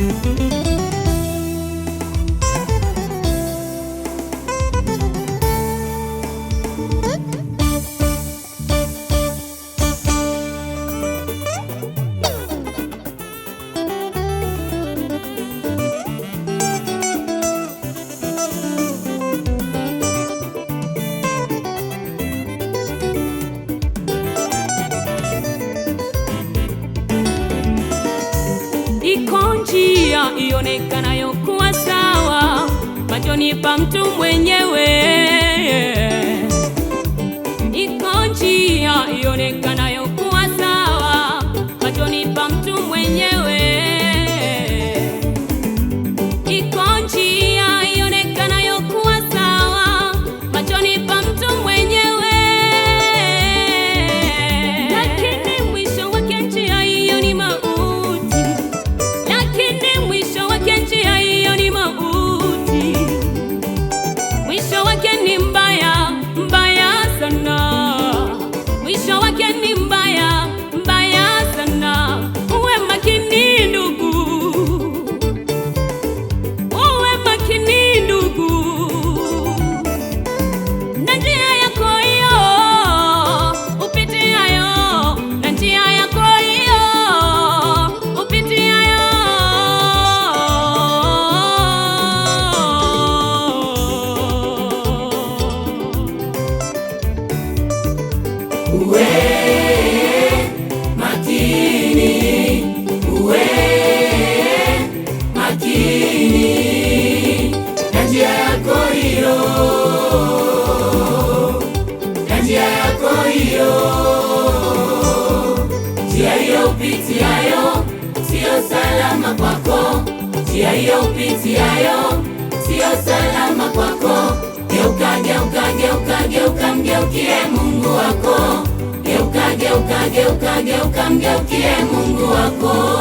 you. yaonekanayo yokuwa sawa machoni pa mtu mwenyewe, iko njia ionekana upitiayo siyo salama kwako, njia hiyo upitiayo siyo salama kwako. Geuka, geuka, geuka, geuka, mgeukie Mungu wako. Geuka, geuka, geuka, geuka, mgeukie Mungu wako.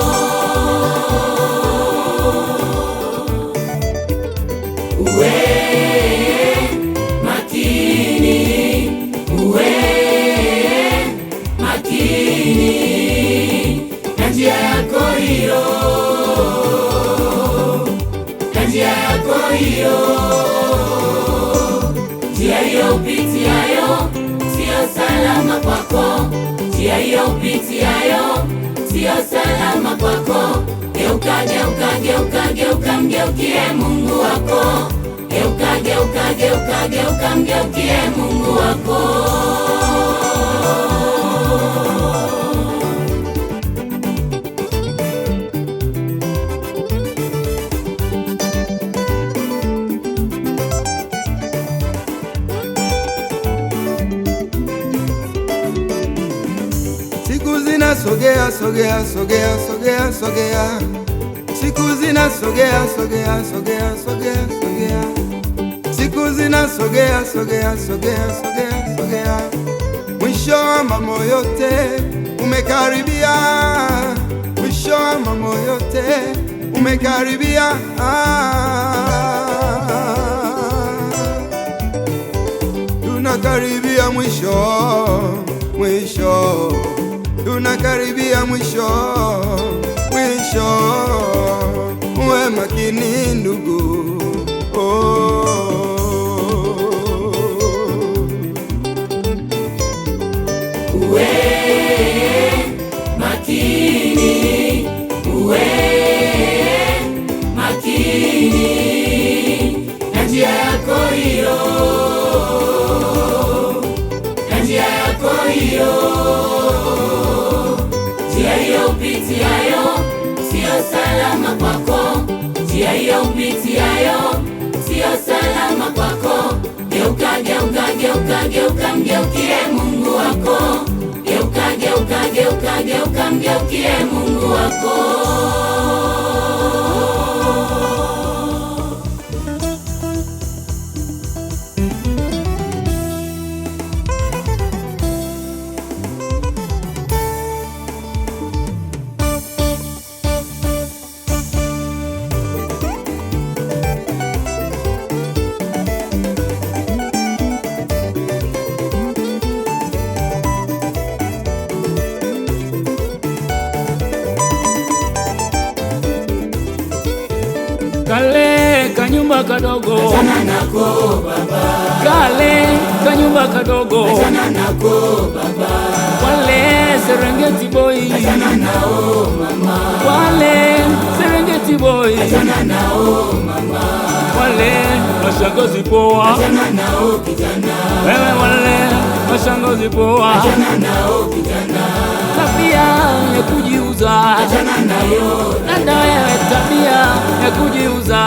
Yaliyo upitiayo siyo salama kwako. Geuka, geuka, geuka, geuka, mgeukie Mungu wako. Geuka, geuka, geuka, geuka, mgeukie Mungu wako. sogea sogea sogea sogea sogea, siku zina sogea sogea sogea sogea sogea, siku zina sogea sogea sogea sogea sogea, mwisho wa mambo yote umekaribia, mwisho wa mambo yote umekaribia tunakaribia mwisho mwisho tunakaribia mwisho mwisho, uwe makini ndugu, oh. Uwe makini, uwe makini. salama kwako, njia hiyo upitiayo siyo salama kwako. Geuka, geuka, geuka, geuka, mgeukie Mungu wako. Geuka, geuka, geuka, geuka, mgeukie Mungu wako. kanyumba kadogo kale kanyumba kadogo wale Serengeti boy wale Serengeti boy wale mashangazi poa wewe wale mashangazi poa tabia ya kujiuza dada wewe ya kujiuza.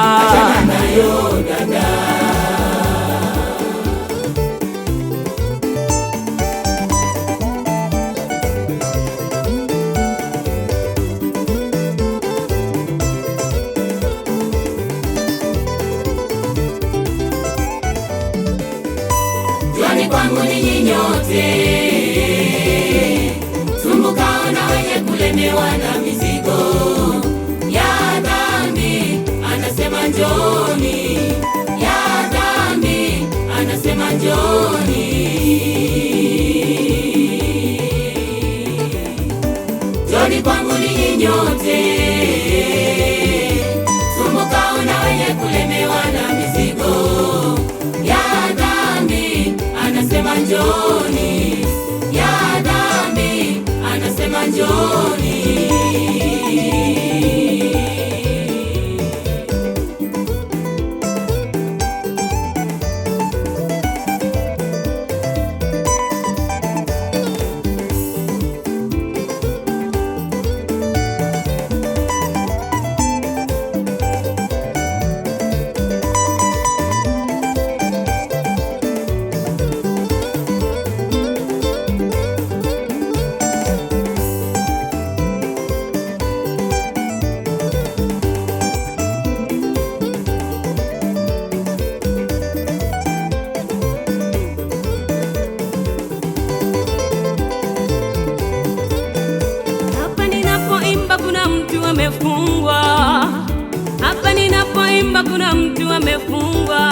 Juani kwangu ninyi nyote, sumbukaona wenye kulemewa na Joni, Joni kwangu ninyi nyote, sumbukao na wenye kulemewa na mizigo ya dhambi, anasema njoni, ya dhambi, anasema njoni amefungwa,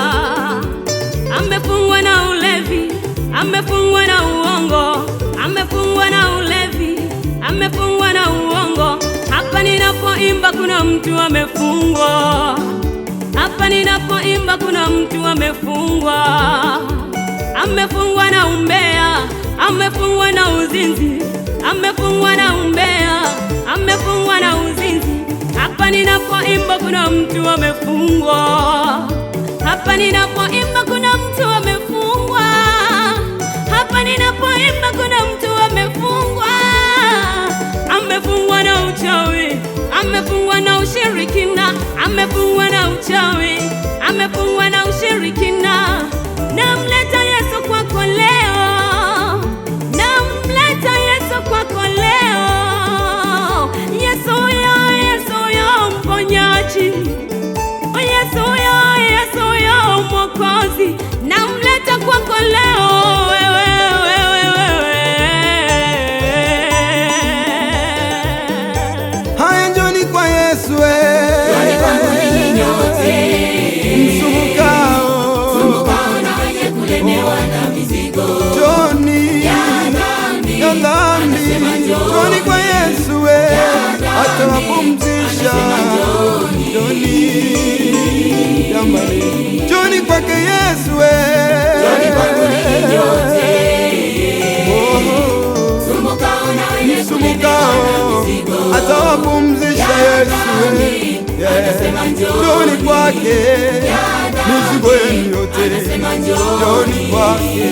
amefungwa na ulevi, amefungwa na uongo, amefungwa na ulevi, amefungwa na uongo. Hapa ninapoimba kuna mtu amefungwa, hapa ninapoimba kuna mtu amefungwa, amefungwa na umbea, amefungwa na uzinzi ninapoimba kuna mtu amefungwa, hapa ninapoimba kuna mtu amefungwa, hapa ninapoimba kuna mtu amefungwa, amefungwa na uchawi, amefungwa na ushirikina, amefungwa na uchawi thamani. Njoni kwake Yesu, eh. oh. eh. njoni kwangu ninyi nyote, msumbukao atawapumzisha Yesu. Njoni kwake mizigo yenu yote, njoni kwake